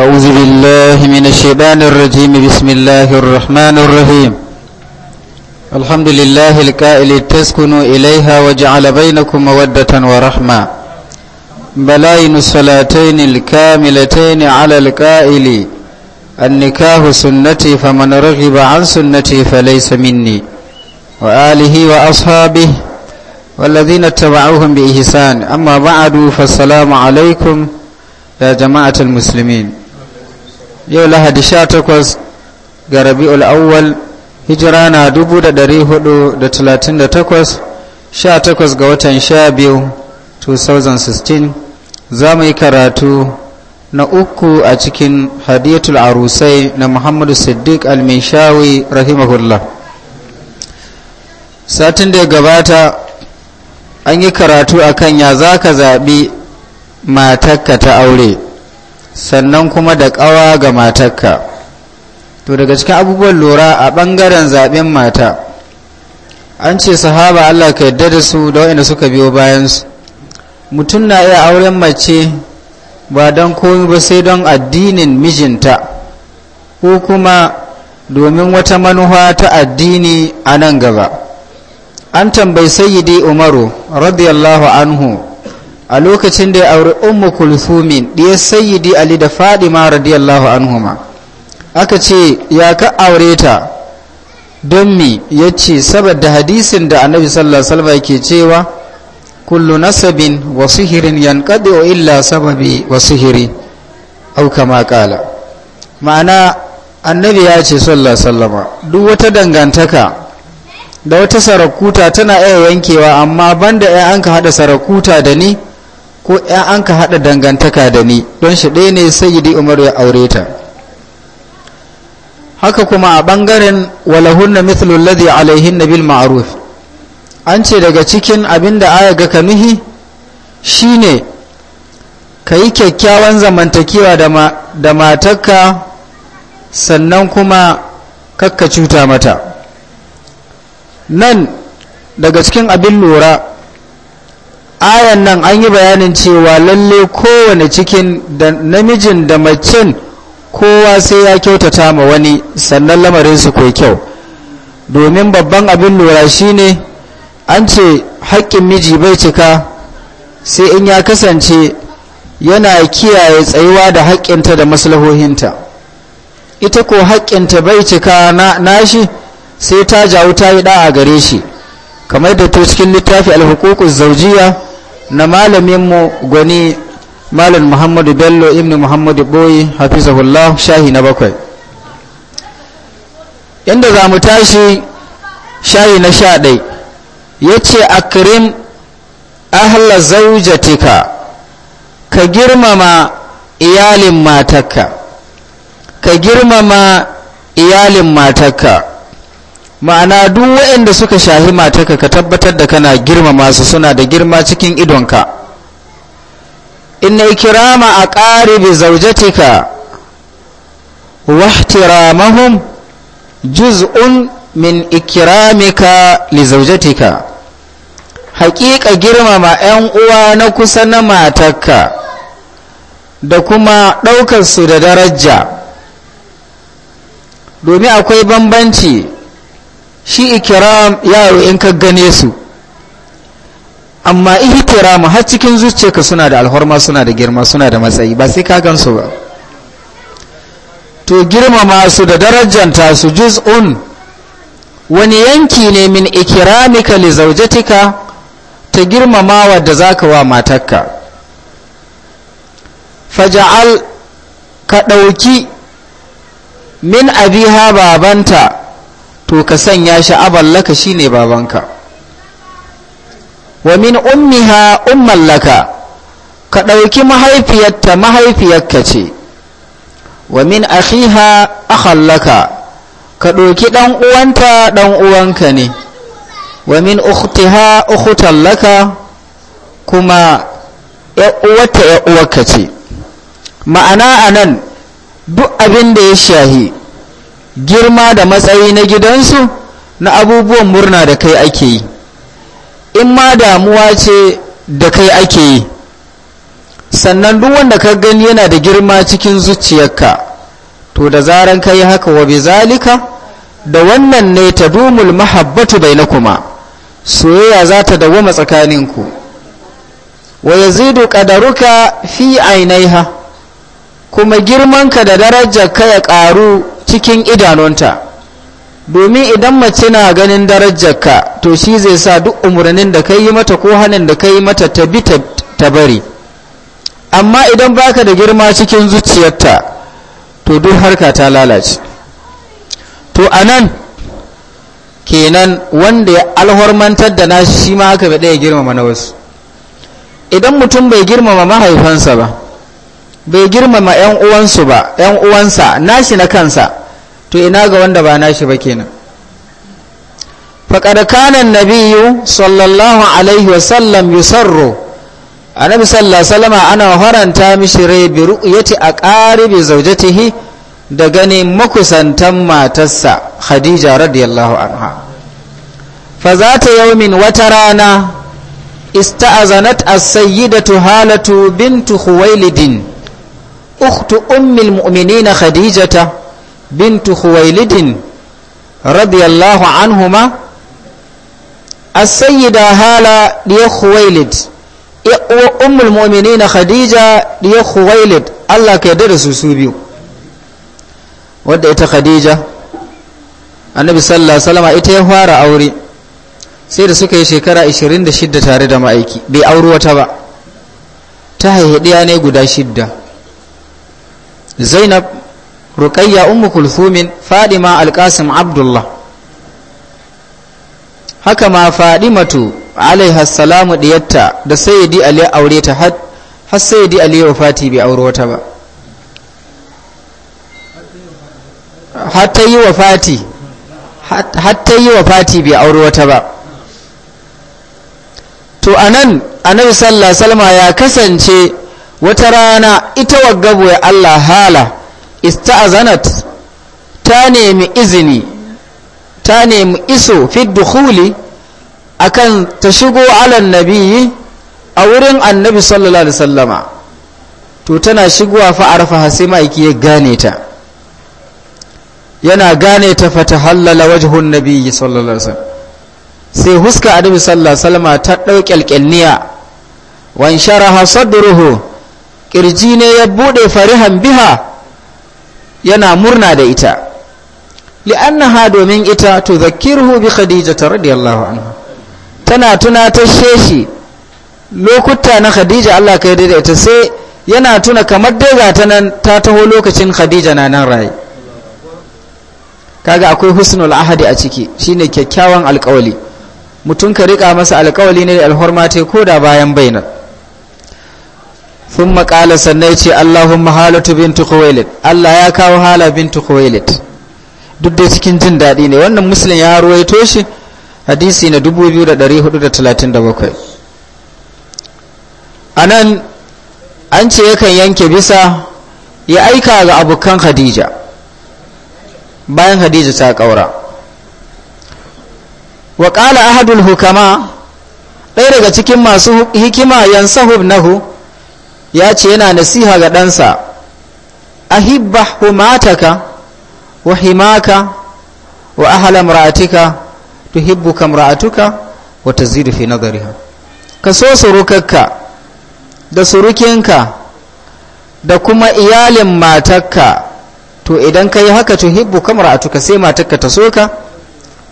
أعوذ بالله من الشيطان الرجيم بسم الله الرحمن الرحيم الحمد لله الكائل تسكنوا إليها وجعل بينكم مودة ورحمة بلاين الصلاتين الكاملتين على الكائل النكاه سنتي فمن رغب عن سنتي فليس مني وآله وأصحابه والذين اتبعوهم بإحسان أما بعد فالسلام عليكم يا جماعة المسلمين yau lahadi sha takwas ga rabi'ul awwal hijira na dubu da dari hudu da talatin da takwas sha takwas ga watan sha biyu 2016 za mu yi karatu na uku a cikin hadiyatul arusai na muhammadu siddiq al-minshawi rahimahullah satin da ya gabata an yi karatu akan ya za ka zaɓi matakka ta aure sannan kuma da ƙawa ga matakka. to daga cikin abubuwan lura a ɓangaren zaɓen mata an ce sahaba allah ka yadda da su da waɗanda suka biyo bayansu mutum na iya auren mace ba don komi ba sai don addinin mijinta ko kuma domin wata manuwa ta addini a nan gaba an tambayi sayyidi umaru radiyallahu anhu a lokacin da ya auri ummu kulthumin ɗiyar sayyidi ali da fadima radiyallahu anhuma aka ce ya ka aure ta don mi ya ce saboda hadisin da annabi sallallahu alaihi yake cewa kullu nasabin wa sihirin yanqadi illa sababi wa sihiri au kama kala ma'ana annabi ya ce sallallahu alaihi duk wata dangantaka da wata sarakuta tana iya yankewa amma banda ya an ka hada sarakuta da ni ko ‘yan an ka haɗa dangantaka da ni don shi ɗaya ne sayyidi umar ya aure ta haka kuma a ɓangaren walahunna mithlul ladhi alaihin bil ma'aruf an ce daga cikin abin da aya ga kanuhi shine ka yi kyakkyawan zamantakewa da matakka sannan kuma kakka cuta mata nan daga cikin abin lura ayan nan an yi bayanin cewa lalle kowane cikin da namijin da macen kowa sai ya kyautata ma wani sannan lamarin su kai kyau domin babban abin lura shine an ce haƙƙin miji bai cika sai in ya kasance yana kiyaye tsayuwa da haƙƙinta da maslahohinta ita ko haƙƙinta bai cika nashi sai ta jawo ta yi ɗa gare shi kamar da to cikin littafi alhukukus zaujiya na malaminmu gwani malam muhammadu bello ibn muhammadu boyi hafizahullah shahi na bakwai inda za mu tashi shahi na sha ɗai ya ce akirim ahla zaujatika ka girmama iyalin matakka ka girmama iyalin matakka ma'ana duk waɗanda suka shahi mataka ka tabbatar da kana girmama su suna da girma cikin idonka inna ikirama a ka. zaujatika wahtiramahum juz'un min ikiramika li zaujatika haƙiƙa girmama 'yan uwa na kusa na matarka da kuma ɗaukarsu da daraja domin akwai bambanci shi ikiram yaro in ka gane su amma ihtiram har cikin zuciyarka suna da alhorma suna da girma suna da matsayi ba sai ka gan su ba to girmama su da darajanta su juz'un wani yanki ne min ikiramika li zaujatika ta girmamawa da zaka wa matarka faja'al ka ɗauki min abiha babanta to ka sanya shi aballaka shine babanka wa min ummiha umman laka ka ɗauki mahaifiyarta mahaifiyarka ce wa min akhiha akhan ka ɗauki ɗan uwanta ɗan uwanka ne wa min ukhtiha ukhtan laka kuma uwata uwarka ce ma'ana anan duk abin da ya shahi girma da matsayi na gidansu na abubuwan murna da kai ake yi in ma damuwa ce da kai ake yi sannan duk wanda ka gani yana da girma cikin zuciyarka to da zaran ka yi haka wa bizalika da wannan ne ta dumul mahabbatu bai na kuma. soyayya za ta dawoma tsakaninku wa zidu ƙadaruka fi ainiha kuma girmanka da darajarka ya ƙaru cikin idanunta domin idan mace na ganin darajarka to shi zai sa duk umarnin da ka yi mata ko hannun da ka yi mata ta bi ta bari amma idan baka da girma cikin zuciyarta to duk harka ta lalace to anan kenan wanda ya alhormantar da nashi shi ma haka bai ɗaya girmama na wasu idan mutum bai girmama mahaifansa ba bai girmama yan uwansu ba yan uwansa nashi na kansa to ina ga wanda ba nashi ba kenan faƙar kanan biyu sallallahu alaihi wasallam a annabi sallallahu salama ana haranta mishi rai bi ru'yati a ƙaribi zaujatihi da ganin makusantan matarsa khadija radiyallahu anha fa za ta yaumin wata rana ista'azanat as-sayyidatu halatu bintu khuwailidin ukhtu ummil mu'minina khadijata bintu khuwailidin radiyallahu anhu ma sayyida hala diya khuwailid wa ummul mu'minina khadija diya Allah ka yarda da su biyu wadda ita khadija annabi sallallahu alaihi wasallam ita ya fara aure sai da suka yi shekara 26 tare da ma'aiki bai auri wata ba ta haihu ɗaya ne guda shidda zainab ruqayya ummu kulthumin fadima alqasim abdullah haka ma matu alaiha salamu diyatta da sayyidi ali aure ta har har sayyidi ali wafati bai aure wata ba har yi wafati har bai aure wata ba to anan annabi sallallahu alaihi wasallam ya kasance wata rana ita gabu ya Allah hala ista'azanat ta nemi izini ta nemi iso fi dukhuli akan ta shigo alan nabiyyi a wurin annabi sallallahu alaihi wasallama to tana shigowa fa arfa hasi maiki ya gane ta yana gane ta fata hallala wajhun nabiyyi sallallahu alaihi wasallam sai huska annabi sallallahu alaihi wasallama ta dauke alƙalniya wa sharaha sadruhu kirji ne ya buɗe farihan biha yana murna da ita ha domin ita to zakirhu bi ta radiyallahu anha tana tuna ta sheshi lokuta na khadija Allah kai da ita sai yana tuna kamar dai ga ta nan ta taho lokacin khadija na nan raye kaga akwai husnul ahadi a ciki shine kyakkyawan alƙawali mutum ka rika masa alƙawali ne da alhorma ko da bayan bainar sun maƙala sannan ya ce allahumma halatu bintu khuwailid allah ya kawo hala bintu khuwailid duk da cikin jin daɗi ne wannan muslim ya ruwaito shi hadisi na 2437 a nan an ce yakan yanke bisa ya aika ga abokan hadija bayan hadija ta ƙaura wa ƙala ahadul hukama ɗaya daga cikin masu hikima yansahu nahu ya ce yana nasiha ga ɗansa ahibba humataka wa himaka wa ahala mra'atika kam ra'atuka wa tazidu fi nazariha. ka so surukakka da surukinka da kuma iyalin matakka to idan ka yi haka kam ra'atuka sai matakka ta so ka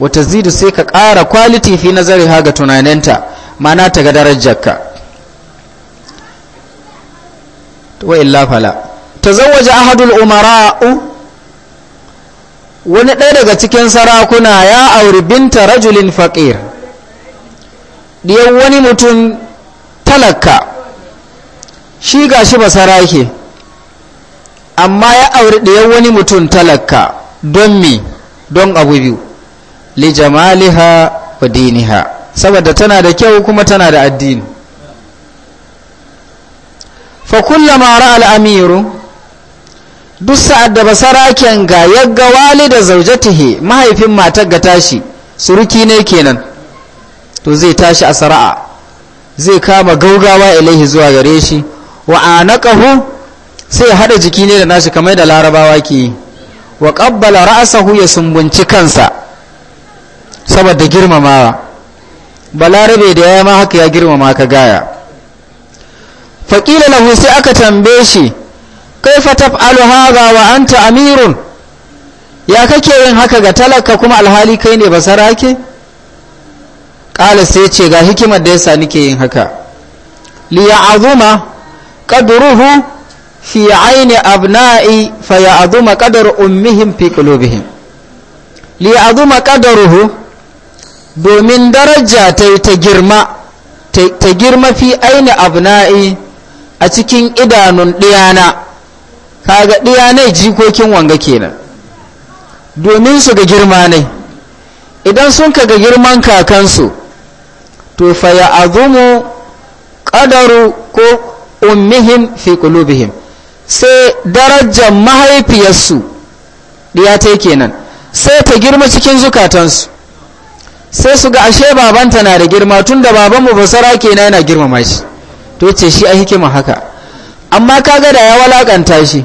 wa tazidu sai ka ƙara kwaliti fi nazariha ga tunaninta ma'ana ta ga darajarka wa illa fala tazawwaja ahadul umara'u wani ɗaya daga cikin sarakuna ya auri binta rajulin faqir diyan wani mutum talaka shi gashi ba sarake amma ya auri diyan wani mutum talaka don mi don abu biyu li jamaliha wa diniha saboda tana da kyau kuma tana da addini fa mara ra'a al-amiru duk sa'ad da basaraken ga yagga zauje zaujatihi mahaifin matar ga tashi suruki ne kenan to zai tashi a sara'a zai kama gaugawa ilaihi zuwa gare shi wa anaqahu sai haɗa jiki ne da nashi kamar da larabawa ke wa ƙabbala ra'asahu ya sumbunci kansa saboda girmamawa balarabe da yayi ma haka ya girmama ka gaya faƙila na sai aka tambaye shi kai fataf alhaza wa an amirun ya kake yin haka ga talaka kuma alhali kai ne ba sarake ƙala sai ce ga hikimar da yasa nike yin haka liya azuma ƙaduruhu fi aini abna'i fa ya azuma ƙadar ummihim fi ƙulubihim liya azuma ƙadaruhu domin daraja ta ta girma ta girma fi aini abna'i a cikin idanun ɗiyana kaga ɗiyanai jikokin wanga kenan domin su ga girma ne idan sun ka ga girman kakansu to faya azumu ƙadaru ko ummihim fi qulubihim sai darajar mahaifiyarsu ɗiya ta kenan sai ta girma cikin zukatansu sai su ga ashe babanta na da girma tun da babanmu basara kenan yana girmama shi to ce shi a hikima haka amma kaga da ya walakanta shi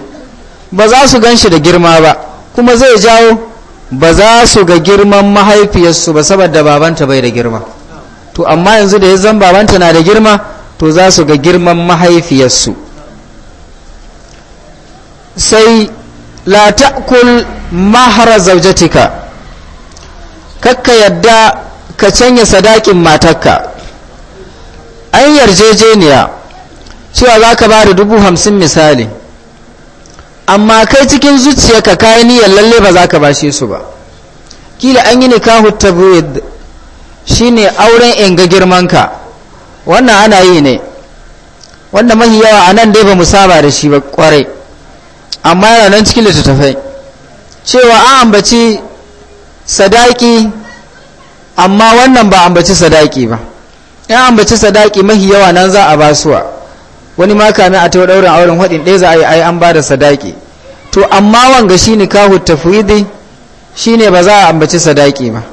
ba za su gan shi da girma ba kuma zai jawo ba za su ga girman mahaifiyarsu ba saboda babanta bai da girma to amma yanzu da ya zan babanta na da girma to za su ga girman mahaifiyarsu sai la ta'kul mahara zaujatika kakka yadda ka canya sadakin matarka an yarjejeniya cewa za ka ba da dubu hamsin misali amma kai cikin zuciyarka kayi niyyar lalle ba za ka bashe su ba kila an yi nikahu shi ne auren inga girmanka wannan ana yi ne wanda mahi yawa a nan dai ba mu saba da shi ba kwarai amma yana nan cikin littattafai cewa an ambaci sadaki amma wannan ba ambaci sadaki ba in ambaci sadaki mahi yawa nan za a basuwa wani maka na a tawo daurin auren hadin ɗaya za a yi ai an da sadaki to amma wanga shi nikahu tafwidi shine ba za a ambaci sadaki ba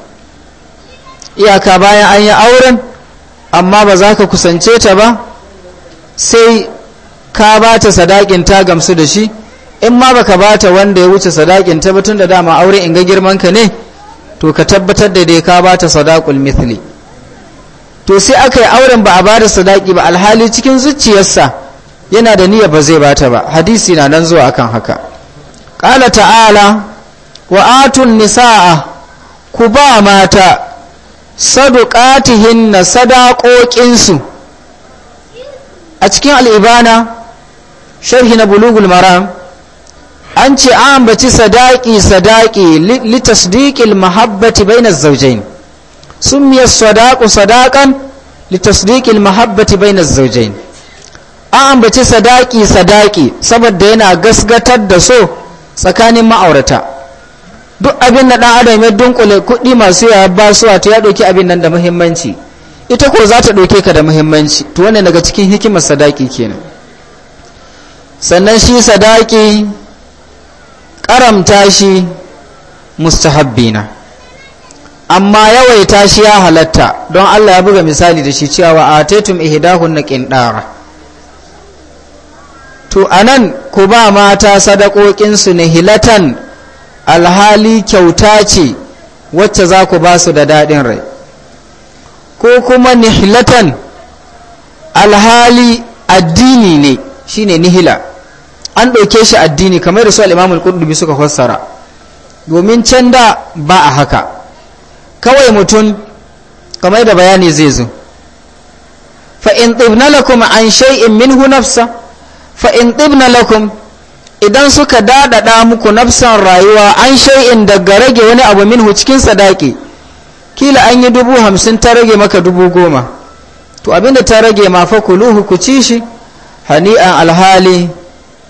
iyaka bayan an yi auren amma ba za ka kusance ta ba sai ka ba ta sadakin ta gamsu da shi in ma baka ba ta wanda ya wuce sadakin ta batun da dama aure in ga girman ka ne to ka tabbatar da dai ka ba ta sadakul mithli to sai aka yi auren ba a ba da sadaki ba alhali cikin zuciyarsa yana da niyyar ba zai bata ba hadisi na nan zuwa akan haka ƙala ta'ala wa atun nisa'a ku ba mata saduƙatihin na sadaƙoƙinsu a cikin al'ibana sharhi na bulugul maram an ce an baci sadaki sadaki litasdiqil mahabbati bainar zaujain sunmiyar الصداق sadakan لتصديق mahabbati بين الزوجين an ambaci sadaki sadaki saboda yana gasgatar da so tsakanin ma'aurata duk abin da ɗan adam ya dunkule kuɗi masu yawa ba su wato ya ɗauki abin nan da muhimmanci ita ko za ta ɗauke ka da muhimmanci to wannan daga cikin hikimar sadaki kenan sannan shi sadaki karamta shi mustahabbina amma yawaita shi ya halatta don Allah ya buga misali da shi cewa a tetum ihidahun na ƙindara to anan ku ba mata sadakokinsu na hilatan alhali kyauta ce wacce za ku ba su da daɗin rai ko kuma nihilatan alhali addini ne shine nihila an ɗauke shi addini kamar da su al'imamul ƙudubi suka fassara domin can da ba a haka kawai mutum kamar da bayani zai zo fa in lakum an shay'in minhu nafsa fa in lakum idan suka daɗaɗa muku nafsan rayuwa an shay'in daga rage wani abu minhu cikin sadaki kila an yi dubu hamsin ta rage maka dubu goma to abinda ta rage ma fa kuluhu ku ci shi hani'an alhali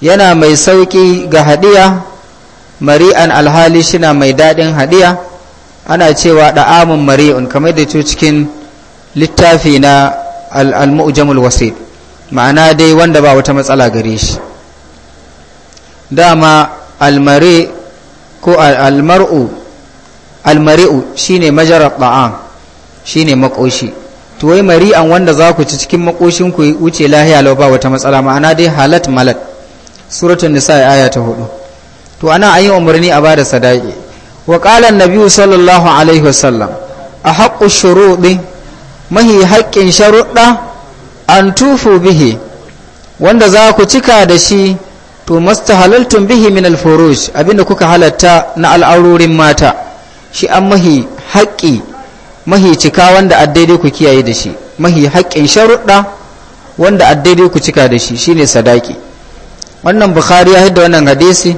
yana mai sauƙi ga hadiya mari'an alhali shina mai daɗin hadiya ana cewa da'amun mari'un kamar da cikin littafi na al-mu'jamul ma'ana dai wanda ba wata matsala gare shi dama almari ko almar'u almari'u shine majarar shi shine makoshi to wai mari'an wanda za ku ci cikin makoshin ku wuce lahiya lau ba wata matsala ma'ana dai halat malat suratun nisa aya ta hudu to ana an yi umarni a bada sadaki وقال النبي صلى الله عليه وسلم أحق الشروط ما حق شروط أن توفوا به wanda za ku cika da shi to mastahalaltun bihi min alfuruj abinda kuka halatta na al'aurorin mata shi an mahi haƙƙi mahi cika wanda addaidai ku kiyaye da shi mahi haƙƙin sharuɗa wanda addaidai ku cika da shi shine sadaki wannan bukhari ya hidda wannan hadisi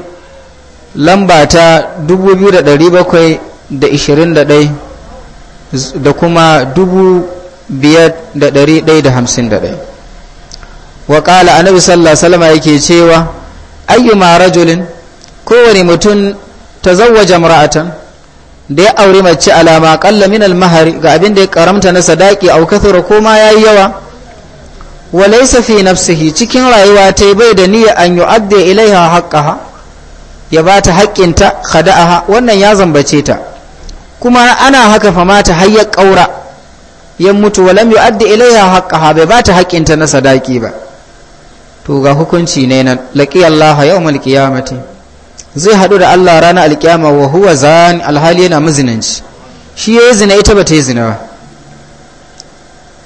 lamba ta 2721 da kuma 5151 wa ƙala annabi sallallahu salama yake cewa ayyuma rajulin kowane mutum ta zauwa mara'atan da ya auri mace alama ƙalla min mahari ga abin da ya karamta na sadaki a kathura ko ma yayi yawa wa laysa fi nafsihi cikin rayuwa ta bai da niyya an yu'addi ilaiha haqqaha ya ba ta haƙƙinta khada'aha wannan ya zambace ta kuma ana haka fama ta hayyar ƙaura ya mutu walam yu'addi ilaiha haqqaha bai ba ta haƙƙinta na sadaki ba to ga hukunci ne nan laqiya Allah yawmal qiyamati zai hadu da Allah ranar alƙiyama wa huwa zan alhali yana muzinanci shi ya yi zina ita ba ta yi zina ba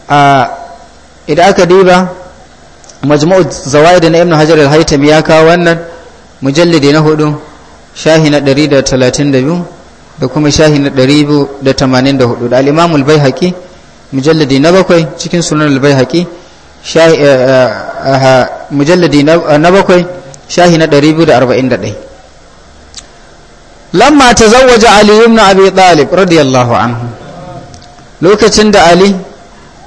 a idan aka diba majmu'u zawaid na ibn hajar al-haytami ya kawo wannan mujallidi na hudu shahi na dari da talatin da da biyu kuma shahi na biyu da tamanin da da hudu al'imamul bai haƙi mujalladi na bakwai cikin sunan albai haƙi eh, eh, mujalladi eh, na bakwai shahi na da arba'in ɗai lamma ta zawaja ali na abu ɗalib radiyallahu anhu lokacin da ali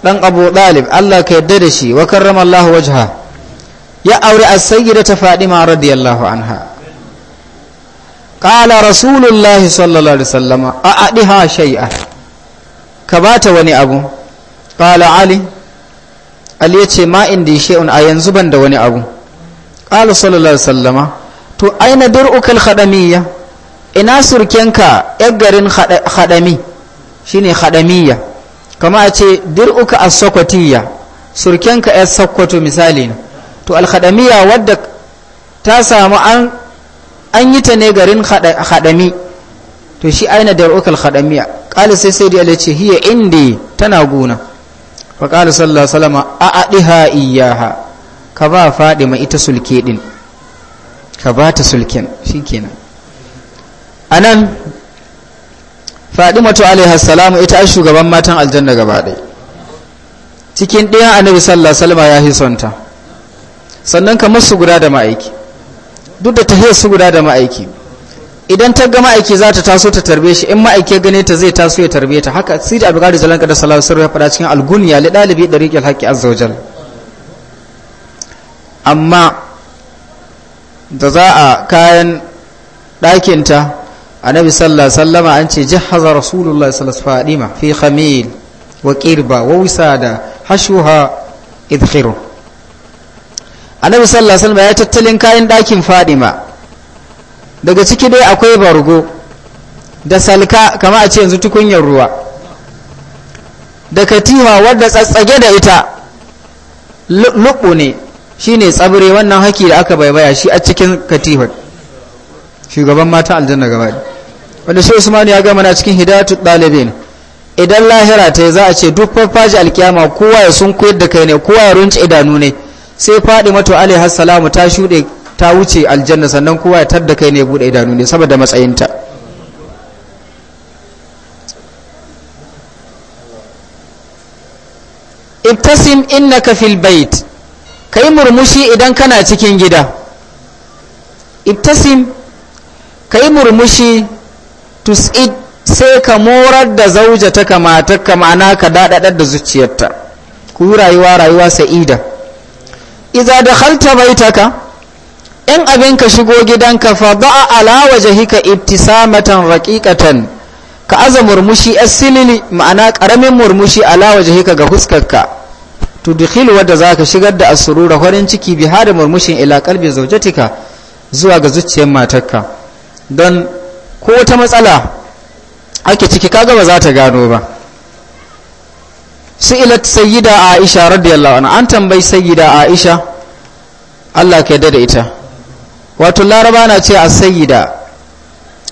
dan abu ɗalib Allah ka yadda da shi wa karrama Allahu wajha ya aure as-sayyida ta fadima radiyallahu anha qala rasulullahi sallallahu alaihi sallama a ha shay'a ka ba ta wani abu ƙala ali ali ya ce ma indi shay'un a yanzu ban da wani abu ƙala sallallahu alaihi sallama. to aina dir'ukal khadamiyya ina surkenka yar garin haɗami shine khadamiyya kama a ce uka as-sokotiyya surkenka yar sokoto misali ne to alkhadamiya wadda ta samu an an yi ta ne garin khadami to shi aina da ukal khadamiya qala sai sai da ce hiya indi tana gona fa qala sallallahu alaihi wasallam a adiha iyaha ka ba fadima ita sulke din ka ba ta sulken shikenan anan fadimatu alaihi salamu ita a shugaban matan aljanna gaba dai cikin ɗayan annabi sallallahu alaihi wasallam ya hisonta sannan kamar su guda da ma'aiki duk da tahiyar su guda da ma'aiki idan ta ga ma'aiki za ta taso ta tarbe shi in ma'aiki gane ta zai taso ya tarbe ta haka da abu gari zalanka da salawar sirri ya faɗa cikin algunya li dalibi dariqil haqqi a wajal amma da za a kayan ɗakinta annabi sallallahu sallama an ce jihaza rasulullah sallallahu fadima fi khamil wa qirba wa wisada hashuha idkhiru annabi sallallahu alaihi ya tattalin kayan ɗakin fadima daga ciki dai akwai bargo da salka kama a ce yanzu tukunyar ruwa da katiha wadda tsatsage da ita luɓu ne shine tsabire wannan haki da aka baibaya shi a cikin katihar shugaban mata aljanna gaba wanda shi usman ya gama na cikin hidayatu ɗalibin idan lahira ta za a ce duk farfaji alkiyama kowa ya sun koyar da kai ne kowa ya runci idanu ne sai faɗi mato alaiha salamu ta shuɗe ta wuce aljanna sannan kowa ya tadda kai ne buɗe idanu ne saboda matsayinta ibtasim innaka fil bait kai murmushi idan kana cikin gida ibtasim kai murmushi tus'id sai ka morar da zaujata kamata mana ka daɗaɗar da zuciyarta ku rayuwa rayuwa sa'ida iza da halta baitaka in abin ka shigo gidanka fa da'a ala wajhika ibtisamatan raqiqatan ka aza murmushi as-silili ma'ana karamin murmushi ala wajhika ga huskarka tudkhilu wadda zaka shigar da asrura farin ciki bi hada murmushin ila qalbi zawjatika zuwa ga zuciyar matarka don ko wata matsala ake ciki kaga ba za ta gano ba su'ilat sayyida aisha radiyallahu anha an tambayi sayyida aisha Allah ka yarda da ita wato laraba na ce a sayyida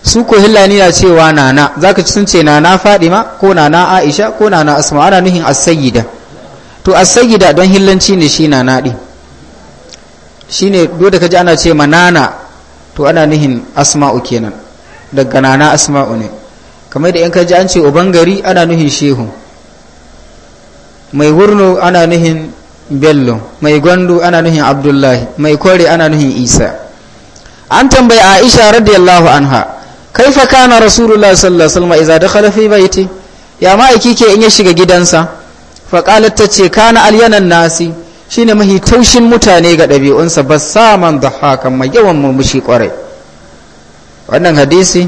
su ko hillani na cewa nana zaka ci sun ce nana fadima ko nana aisha ko nana asma ana nuhin as-sayyida to as-sayyida don hillanci ne shi nana din shine dole kaji ana ce manana to ana nuhin asma'u kenan daga nana asma'u ne kamar da yan kaji an ce uban gari ana nuhin shehu mai hurnu ana nuhin bello mai gwandu ana nuhin abdullahi mai kore ana nuhin isa an tambayi aisha radiyallahu anha kaifa kana rasulullah sallallahu alaihi wasallam idza dakhala fi baiti ya ma'aiki ke in ya shiga gidansa fa qalat ka kana alyanan nasi shine mahi taushin mutane ga ɗabi'unsa da dhahakan mai yawan murmushi kwarai wannan hadisi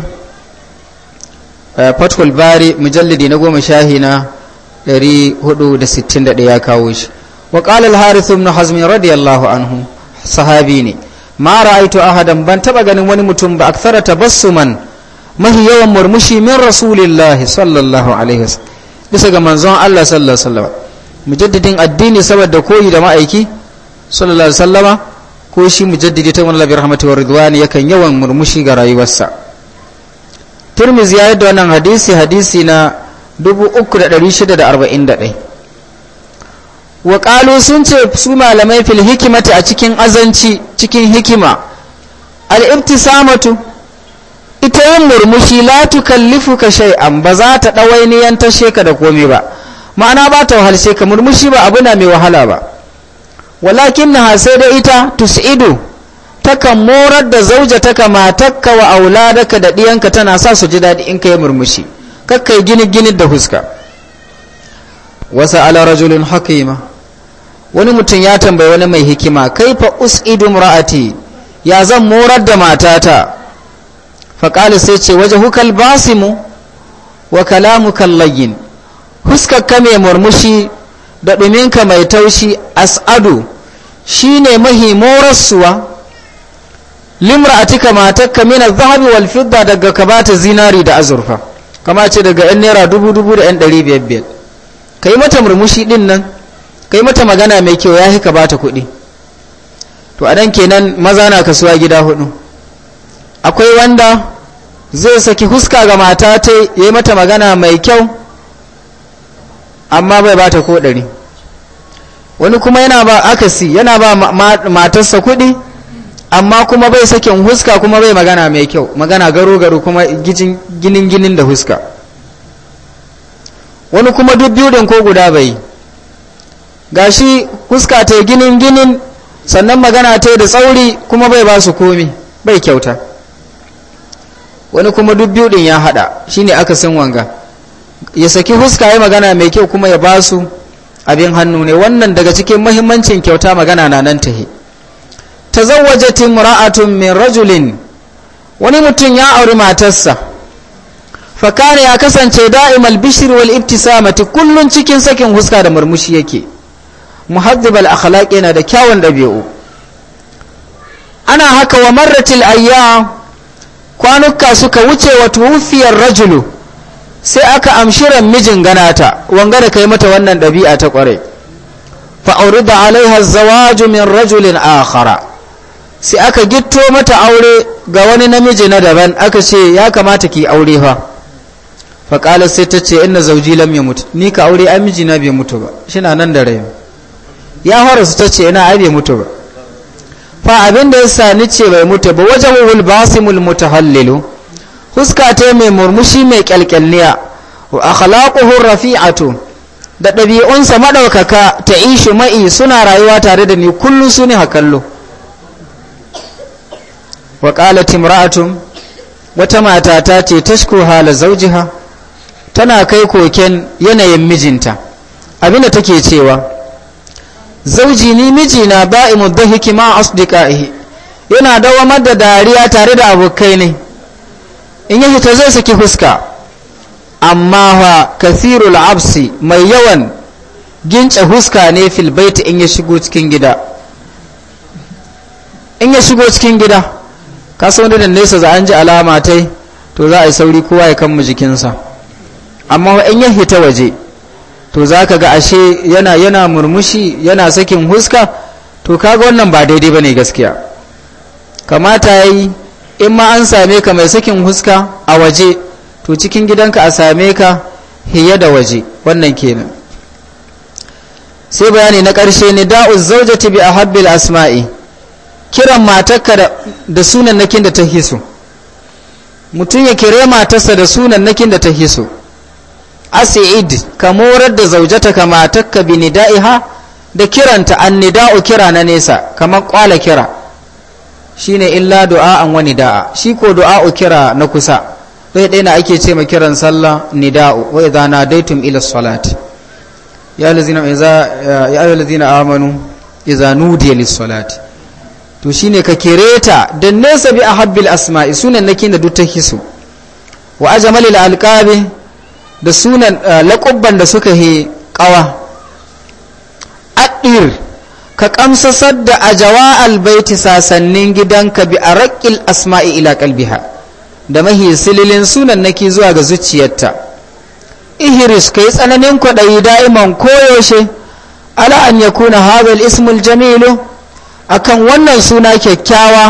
eh, fathul bari mujallidi na goma shahina 461 ya kawo shi wa qala al-harith ibn hazm radiyallahu anhu sahabi ne ma ra'aitu ahadan ban taba ganin wani mutum ba akthara tabassuman mahi yawan murmushi min rasulillahi sallallahu alaihi wasallam bisa ga manzon Allah sallallahu alaihi wasallam mujaddidin addini saboda koyi da ma'aiki sallallahu alaihi wasallama ko shi mujaddidi ta wallahi rahmatu wa ridwani yakan yawan murmushi ga rayuwarsa Tirmidhi ya yadda wannan hadisi hadisi na 3641 wa ƙalu sun ce su malamai fil hikimata a cikin azanci cikin hikima al'ibtisamatu ita yin murmushi la tukallifuka shay'an ba za ta ɗawainiyan tashe ka da komai ba ma'ana ba ta wahalshe ka murmushi ba abu na mai wahala ba walakin na sai da ita tus'idu takan morar da zaujataka matakka wa auladaka da ɗiyanka tana sa su ji daɗi in ka yi murmushi kakkai gini-gini da huska wasa ala rajulun hakima wani mutum ya tambayi wani mai hikima kai fa us'idu ra'ati ya zan morar da matata faƙali sai ce waje hukal basimu wa kalamu kallayin ka mai murmushi da ɗuminka mai taushi as'adu shine ne mahi morarsuwa limra'atika matakka mina zahabi wal fidda daga kabata zinari da azurfa kama ce daga 'yan naira dubu dubu da 'yan ɗari biyar biyar ka yi mata murmushi ɗin nan ka yi mata magana mai kyau ya ka bata kuɗi to a nan kenan maza na kasuwa gida hudu akwai wanda zai saki huska ga mata ta ya yi mata magana mai kyau amma bai bata ko ɗari wani kuma yana ba akasi yana ba matarsa kuɗi amma kuma bai sakin huska kuma bai magana mai kyau magana garo-garo kuma ginin-ginin da huska wani kuma duk biyu ko guda bai gashi huska ta ginin-ginin sannan magana ta da tsauri kuma bai ba su komi bai kyauta wani kuma duk biyu ya hada shine aka sin wanga ya saki huska ya magana mai kyau kuma ya ba su abin hannu ne wannan daga cikin mahimmancin kyauta magana na nan tahi ta tazawwajat imra'atun min rajulin wani mutum ya auri matarsa fakana ya kasance da'imal bishir wal ibtisamati kullun cikin sakin huska da murmushi yake muhaddibal akhlaq yana da kyawun dabi'u ana haka wa marratil ayya kwanuka suka wuce wa tufiyar rajulu sai aka amshiran mijin ganata wanga da kai mata wannan dabi'a ta kware fa aurida alaiha zawaju min rajulin akhara sai aka gitto mata aure ga wani namiji na daban aka ce ya kamata ki aure fa faƙala sai ta ce ina zauji lam ya mutu ni ka aure a miji na bai mutu ba shi na nan da rai ya hora su ta ce ina ai bai mutu ba fa abin da ya sa ni ce bai mutu ba wajen wul basimul mutahallilu huska ta mai murmushi mai kyalkyalniya wa akhlaquhu rafi'atu da ɗabi'unsa madaukaka ta ishi ma'i suna rayuwa tare da ni kullum su ne hakallo wa qalat imra'atun wata mata ta ce tashku hala zawjiha tana kai koken yanayin mijinta abinda take cewa zauji ni mijina ba'imu dhahiki ma asdiqaihi yana dawamar da dariya tare da abokai ne in ya fita zai saki fuska amma fa kathirul absi mai yawan gince fuska ne fil baiti in ya shigo cikin gida in ya shigo cikin gida ka san da nesa za an ji alama tai to za a yi sauri kowa ya kanmu jikinsa amma in ya hita waje to za ka ga ashe yana yana murmushi yana sakin huska to kaga wannan ba daidai ba ne gaskiya kamata ya yi in ma an same ka mai sakin huska a waje to cikin gidanka a same ka hiye da waje wannan kenan sai bayani na karshe ne da'uz zaujati bi ahabbil asma'i kiran matarka da sunan nakin da ta hisu mutum ya kire matarsa da sunan nakin da ta hiso asi'id ka morar da zaujata ka matarka bi nida'iha da kiranta an nida'u kira na nesa kamar kwala kira shine illa du'a an wani da'a shi ko u kira na kusa bai ɗaya na ake ce ma kiran sallah nida'u wa idza nadaitum ila salati ya allazina amanu idza nudiya lis salati to shine ka ta dan nesa bi ahabbil asma'i sunan nake da duk ta hisu wa ajmalil alqabi da sunan eh, laqabban da suka he kawa aɗir ka ƙamsasar da ajawa albaiti sasannin gidanka bi a raƙil asma'i ila qalbiha da mahi sililin sunan nake zuwa ga zuciyarta ihris kai tsananin kwaɗayi da'iman koyaushe ala an yakuna hadha al-ismul jamilu akan wannan suna kyakkyawa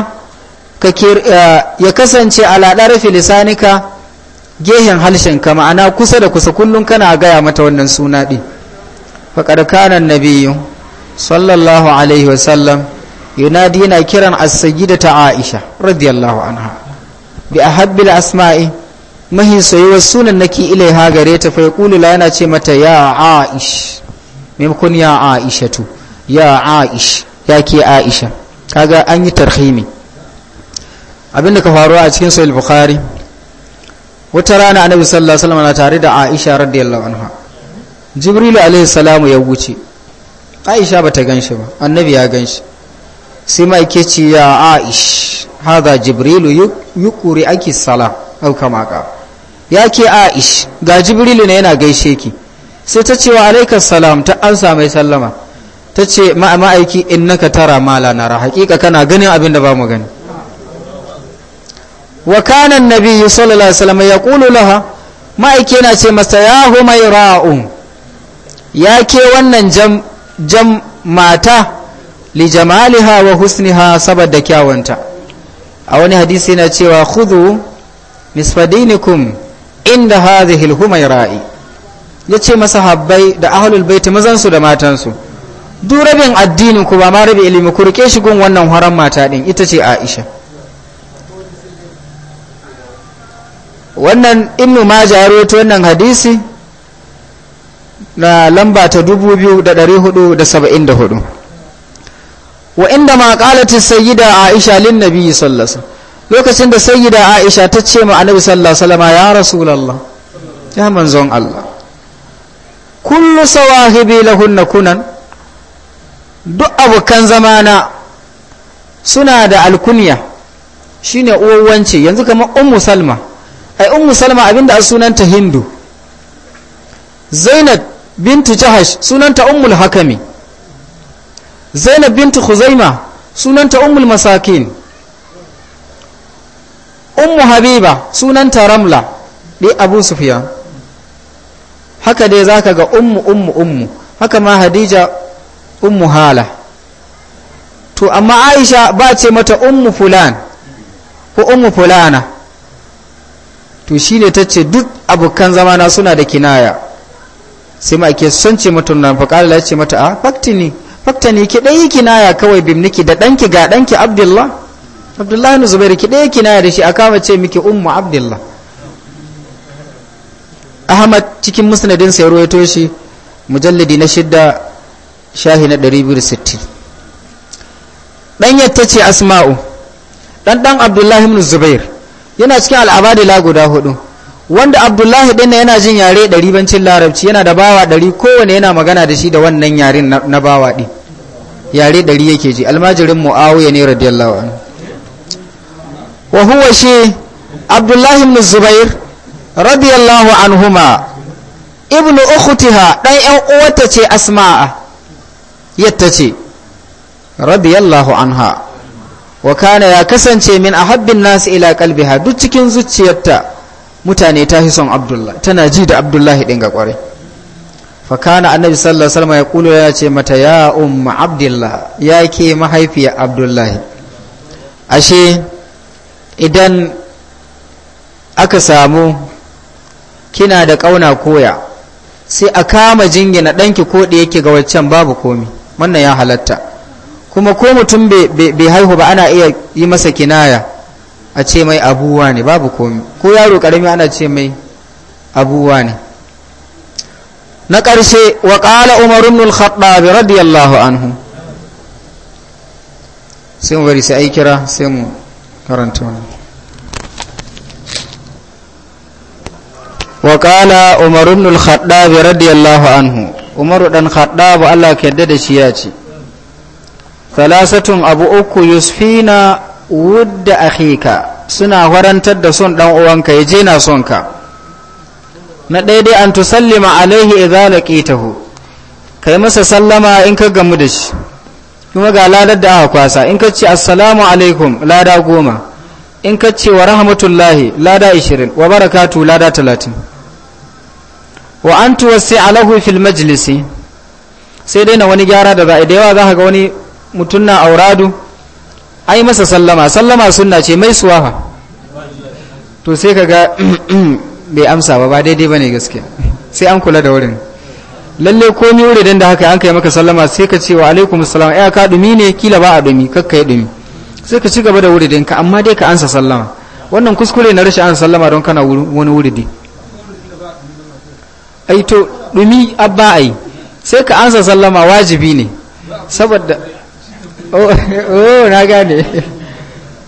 eh, ya kasance aladar filisanika gehen halshenka ma'ana kusa da kusa kullum kana gaya mata wannan suna ɗin faƙar kanan nabiyu sallallahu alaihi wasallam yunadi yana kiran da ta aisha radiyallahu anha bi a habbil asma'i mahin soyuwar sunan naki ha gare ta fai yana ce mata ya aish maimakon ya aishatu ya aish ya ke aisha kaga an yi tarhimi abinda ka faru a cikin sahih bukhari wata rana annabi sallallahu alaihi wasallam na tare da aisha radiyallahu anha jibrilu alaihi salamu ya wuce aisha bata ganshi ba annabi ya ganshi sai ma ke ci ya aish haza jibrilu yukuri aki sala au kama ka ya ke aish ga jibrilu ne yana gaishe ki sai ta ce wa alaikas salam ta ansa mai sallama ta ce ma'aiki naka tara mala nara hakika kana ganin abin da ba mu gani wa kana nabi sallallahu alaihi wasallam kulu laha ma'aiki yana ce masa ya ra'un ya ke wannan jam mata li jamaliha wa husniha saboda kyawunta a wani hadisi yana cewa hudu misfadinikum inda hadhihi al-humaira'i yace masa habbai da ahlul mazan mazansu da matansu Du rabin addinin ku ba ma rabi ilimi ku rike shi gun wannan haram mata din ita ce Aisha wannan ibnu majah ya rawaito wannan hadisi na lamba ta 2474 wa inda ma qalat sayyida Aisha lin nabi sallallahu alaihi lokacin da sayyida Aisha ta ce ma annabi sallallahu alaihi wasallam ya rasulullah ya manzon Allah kullu sawahibi lahunna kunan duk abokan zamana suna da alkunya shine uwawance yanzu kamar ummu salma ai ummu salma abinda a sunanta hindu zainab bintu jahash sunanta ummul hakami zainab bintu khuzaima sunanta ummul masakin ummu habiba sunanta ramla ɗi abu sufyan haka dai zaka ga ummu ummu ummu haka ma hadija ummu hala to amma aisha ba ce mata ummu fulan ko ummu fulana to ne ta ce duk abokan zamana suna da kinaya sai ma ake son ce mata nan faƙala ya ce mata a ah, fakti ne fakta ne ki ɗaya kinaya kawai bimniki da ɗanki ga ɗanki abdullah abdullah ibn zubairu ki ɗaya kinaya da shi a kama ce miki ummu abdullah ahmad cikin musnadin sai ruwaito shi mujalladi na shidda shahi na 260 ɗanyar ta ce asma'u ɗanɗan abdullahi ibn zubair yana cikin al'abadila guda hudu wanda abdullahi ɗin yana jin yare ɗari bancin larabci yana da bawa ɗari kowane yana magana da shi da wannan yaren na bawa ɗin yare ɗari yake ji almajirin mu'awiya ne radiyallahu anhu wa huwa shi abdullahi ibn zubair radiyallahu anhuma ibnu ukhtiha ɗan yan uwata ce asma'a yadda ce radiyallahu anha wa kana ya kasance min ahabbin nasu ila kalbiha duk cikin zuciyarta mutane ta hison abdullah tana ji da abdullahi ɗin ga ƙwarai fa kana annabi sallallahu alaihi wasallam ya kula ya ce mata ya umma abdullah ya ke mahaifiya abdullahi ashe idan aka samu kina da ƙauna koya sai a kama jingina ɗanki ko da yake ga waccan babu komi wannan ya halatta kuma ko mutum bai haihu ba ana iya yi masa kinaya a ce mai abuwa ne babu komi ko yaro karami ana ce mai abuwa ne na ƙarshe wa ƙala umar ibn al radiyallahu anhu sai mu bari sai ai kira sai mu karanta wani wa ƙala umar ibn al radiyallahu anhu umaru dan khaddab Allah ka yarda da shi ya ce salasatun abu uku yusfina wudda akhika suna warantar da son dan uwanka ya je na son ka na daidai dai an tusallima alaihi idza laqitahu kai masa sallama in ka gamu da shi kuma ga ladar da aka kwasa in ka ce assalamu alaikum lada goma in ka ce wa rahmatullahi lada 20 wa barakatu lada 30 wa an tuwassi alahu fil majlisi sai dai na wani gyara da za'a da yawa za ga wani mutum na auradu ai masa sallama sallama sunna ce mai suwafa to sai ka ga bai amsa ba ba daidai ba ne gaskiya sai an kula da wurin lalle ko ni wuri da haka an kai maka sallama sai ka ce wa alaikum assalam ai eh, ka dumi ne kila ba a dumi kakka ya dumi sai ka ci gaba da ka amma dai ka ansa sallama wannan kuskure na rashin ansa sallama don kana wani din aito to dumi abba ai sai ka ansa sallama wajibi ne saboda oh, oh na gane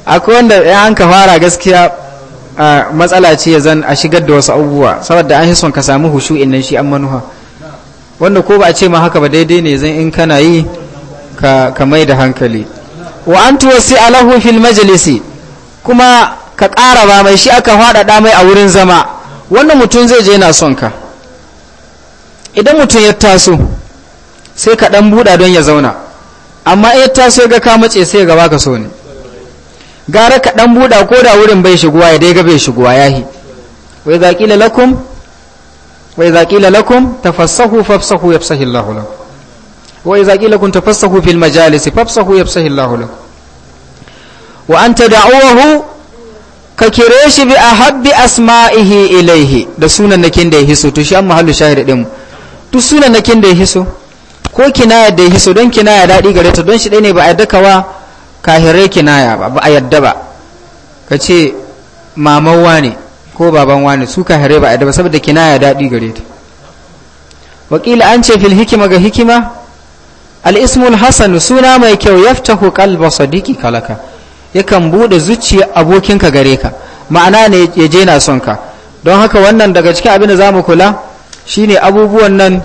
akwai wanda ya an ka fara gaskiya matsala ce ya zan a shigar da wasu abubuwa saboda an son ka samu hushu nan shi an manuha wanda ko ba a ce ma haka ba daidai ne zan in kana yi ka mai da hankali wa an sai alahu fil majalisi kuma ka ƙara ba mai shi aka faɗaɗa mai a wurin zama wannan mutum zai je yana son ka idan mutum ya taso sai ka dan buɗa don ya zauna amma ya taso ga ka mace sai gaba ka so ne gara ka dan buɗa ko da wurin bai shiguwa ya dai ga bai shiguwa yahi wai za ƙila lakum wai za ƙila lakum tafassahu fafsahu yafsahu Allah lakum wai za ƙila kun tafassahu fil majalisi fafsahu yafsahu Allah lakum wa anta da'uhu ka kire shi bi ahabbi asma'ihi ilayhi da sunan nake da ya hiso to shi an mahallu shahid din mu duk na kin da ya hiso ko kinaya da ya hiso don kinaya daɗi gare ta don shi ɗaya ne ba a yadda kawa kahirai kinaya ba ba a yadda ba ka ce maman wane ko baban wane su kahirai ba a yadda ba saboda kinaya daɗi gare ta wakila an ce fil hikima ga hikima al'ismul hassan suna mai kyau yaftahu kalba sadiki kalaka yakan buɗe zuciya abokinka gare ka ma'ana ne ya je na son ka don haka wannan daga cikin abin da za mu kula shine abubuwan nan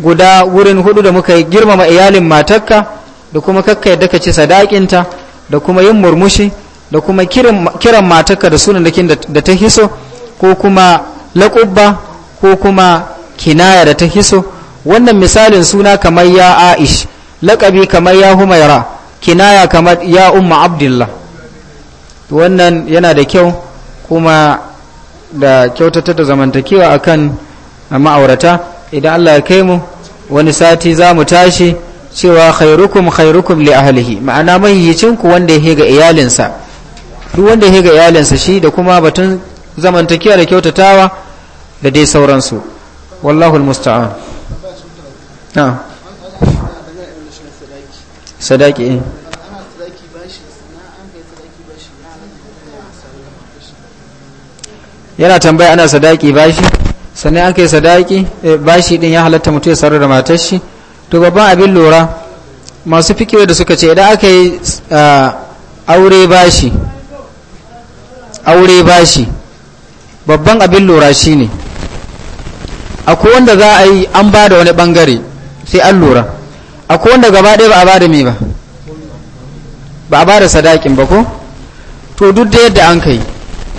guda wurin hudu da muka girmama iyalin matakka da kuma kakka yadda ka ci sadakinta da kuma yin murmushi da kuma kiran matakka da sunan da ta hiso ko kuma laƙubba ko kuma kinaya da ta hiso wannan misalin suna kamar ya aish laƙabi kamar ya humaira kinaya kamar ya umma abdullah wannan yana da kyau kuma da kyautata da zamantakewa akan ma'aurata idan Allah ya kai mu wani sati za mu tashi cewa khairukum khairukum li ahlihi ma'ana mahiyicin ku wanda ya ga iyalinsa duk wanda ya ga iyalinsa shi da kuma batun zamantakiya da kyautatawa da dai sauransu wallahu almusta'an na'am sadaki eh. yana tambaya ana sadaki bashi sannan aka yi sadaki eh, bashi din ya halatta mutu ya sarar da matar shi to babban abin lura masu fikiwa da suka ce idan aka yi ah, aure bashi aure bashi babban abin lura shi ne akwai wanda za a yi an ba da wani bangare sai an lura akwai wanda gaba ɗaya ba a ba da me ba ba a ba da sadakin ba ko to duk da yadda an kai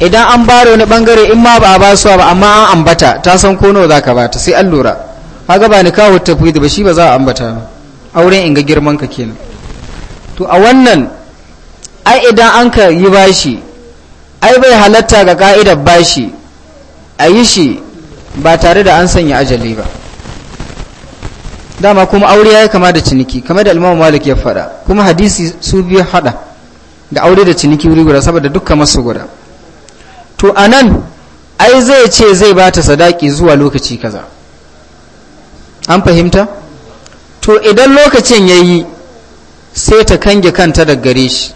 idan an bare wani bangare in ma ba a ba su ba amma an ambata ta san ko nawa zaka bata sai an lura kaga ba nikahu tafwid ba shi ba za a ambata ba auren in ga girman ka kenan to a wannan ai idan an ka yi bashi ai bai halatta ga ka'idar bashi a yi shi ba tare da an sanya ajali ba dama kuma aure ya kama da ciniki kamar da almamu malik ya faɗa kuma hadisi su biyu haɗa da aure da ciniki wuri guda saboda dukkan masu guda to a nan ai zai ce zai ba ta sadaki zuwa lokaci kaza an fahimta to idan lokacin ya yi sai ta kange kanta da gare shi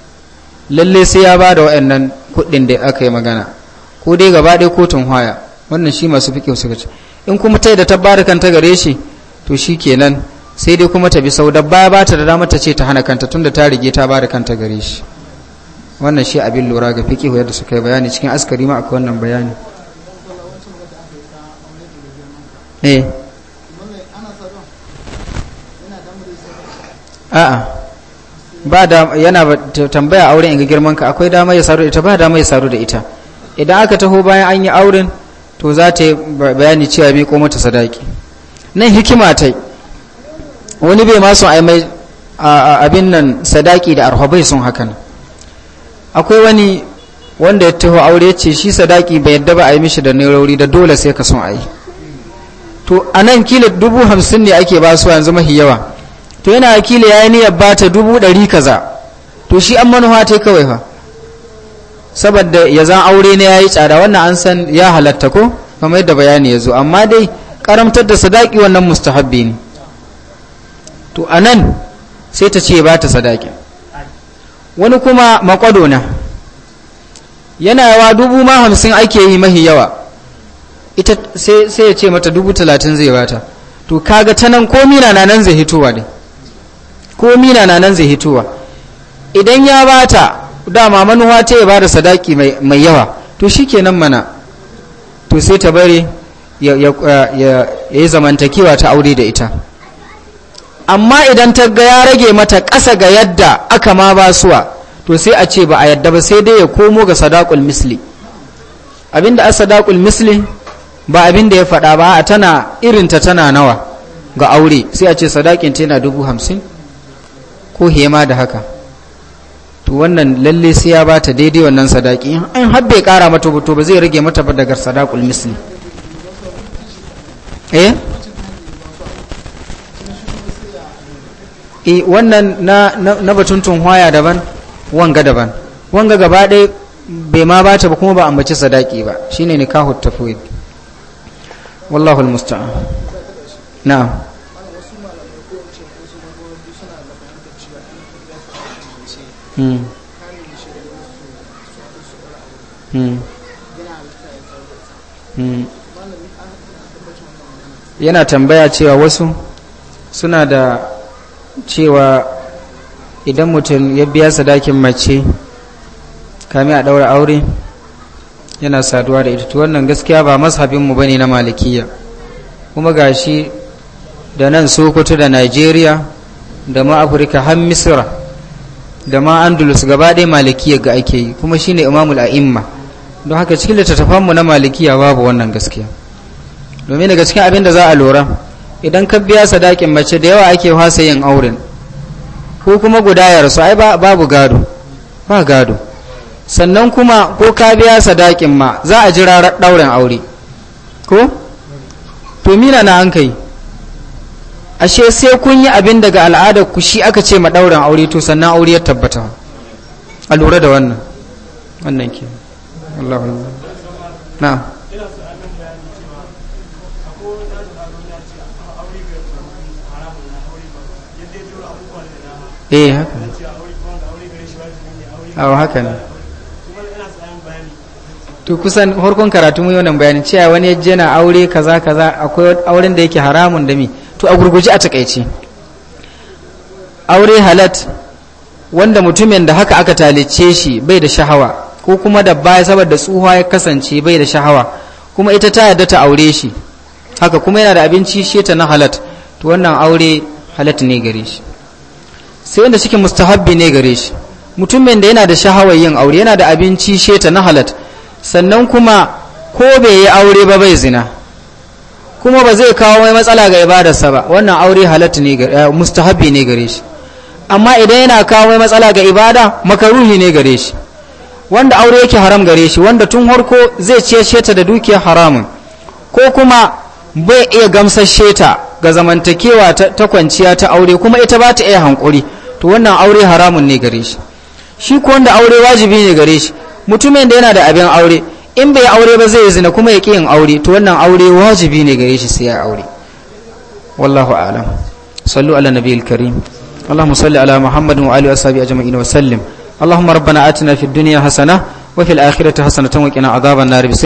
lalle sai ya ba da wa'annan kuɗin da aka yi magana ko dai gaba ɗaya kotun haya wannan shi masu fikin suka ce in kuma ta yi da tabbar kanta gare shi to shi kenan sai dai kuma ta bi sau da baya ba ta da damar ta ce ta hana kanta tunda ta rige ta bada kanta gare shi wannan shi abin lura ga fikihu yadda suka yi bayani cikin askari ma akwai wannan bayani eh a'a ba da yana tambaya auren inga girman ka akwai dama ya saru da ita ba dama ya saru da ita idan aka taho bayan an yi auren to za ta yi bayani cewa mai koma ta sadaki nan hikima ta wani bai masu son mai abin nan sadaki da arha bai sun hakan akwai wani wanda ya taho aure ya ce shi sadaki bai yadda ba a yi mishi da nerori da dole sai ka son a yi to a nan kila dubu hamsin ne ake basu yanzu mahi yawa to yana kila ya yi niyyar ba ta dubu ɗari kaza to shi an manuwa ta kawai fa saboda ya zan aure ne ya yi tsada wannan an san ya halatta ko kamar yadda bayani ya zo amma dai karamtar da sadaki wannan mustahabbi ne to a nan sai ta ce ba ta sadakin wani kuma makwado na yana yawa dubu ma hamsin ake yi mahi yawa ita sai ya ce mata dubu talatin zai bata to kaga ta nan komina na nan zai hitowa ne komina na nan zai hitowa idan ya bata dama manuwa ta ya bada sadaki mai yawa to shi nan mana to sai ta bare ya yi zamantakewa ta aure da ita amma idan ta ga ya rage mata ƙasa ga yadda aka ma ba suwa to sai a ce ba a yadda ba sai dai ya komo ga sadakul misli abinda a sadakul misli ba abinda ya faɗa ba a tana irinta tana nawa ga aure sai a ce sadakin ta yana dubu hamsin ko hema da haka to wannan lalle sai ya ba ta daidai wannan sadaki in har bai ƙara mata to ba zai rage mata ba daga sadakul misli eh e wannan na na batun tunhwaya daban wanga daban wanga gaba ɗaya bai ma bata ba kuma ba ambaci sadaki ba shine nikahu tafwid wallahu almusta'an na'am hmm. Hmm. Hmm. yana tambaya cewa wasu suna da cewa idan mutum ya biya sadakin mace kami a ɗaura aure yana saduwa da ita wannan gaskiya ba mashabinmu ba ne na malikiya kuma gashi da nan sokoto da nigeria da ma afirka har misira da ma andalus gaba ɗaya malikiya ga ake yi kuma shine imamul a'imma don haka cikin littattafanmu na malikiya babu wannan gaskiya domin daga cikin abin da za a lura idan ka biya sadakin mace da yawa ake wasa yin auren ko kuma gudayar su ai babu gado ba gado sannan kuma ko ka biya sadakin ma za a jira ɗauren aure ko to mina na an kai ashe sai kun yi abin daga al'adar ku shi aka ce ma ɗauren aure to sannan aure ya tabbata a lura da wannan wannan ke Allah na'am eh haka ne a haka ne to kusan farkon karatu mu wannan bayanin cewa wani ya jena aure kaza kaza akwai auren da yake haramun da mi to a gurguje a takaice aure halat wanda mutumin da haka aka talice shi bai da shahawa ko kuma da baya saboda tsuha ya kasance bai da shahawa kuma ita ta yarda ta aure shi haka kuma yana da abinci shi ta na halat to wannan aure halat ne gare shi sai wanda suke mustahabbi ne gare shi mutumin da yana da shahawar yin aure yana da abinci sheta na halat sannan kuma ko bai yi aure ba bai zina kuma ba zai kawo mai matsala ga ibadarsa ba wannan aure halat ne eh, mustahabbi ne gare shi amma idan yana kawo mai matsala ga ibada makaruhi ne gare shi wanda aure yake haram gare shi wanda tun harko zai ce sheta da dukiyar haramun ko kuma bai iya gamsar sheta ga zamantakewa ta kwanciya ta aure kuma ita ba ta iya hankuri to wannan aure haramun ne gare shi shi ko wanda aure wajibi ne gare shi mutumin da yana da abin aure in bai aure ba zai zina kuma ya ki yin aure to wannan aure wajibi ne gare shi sai ya aure wallahu a'lam sallu ala nabiyil karim اللهم صل على محمد وآله وصحبه أجمعين وسلم اللهم ربنا آتنا في الدنيا حسنة وفي الآخرة حسنة وقنا عذاب النار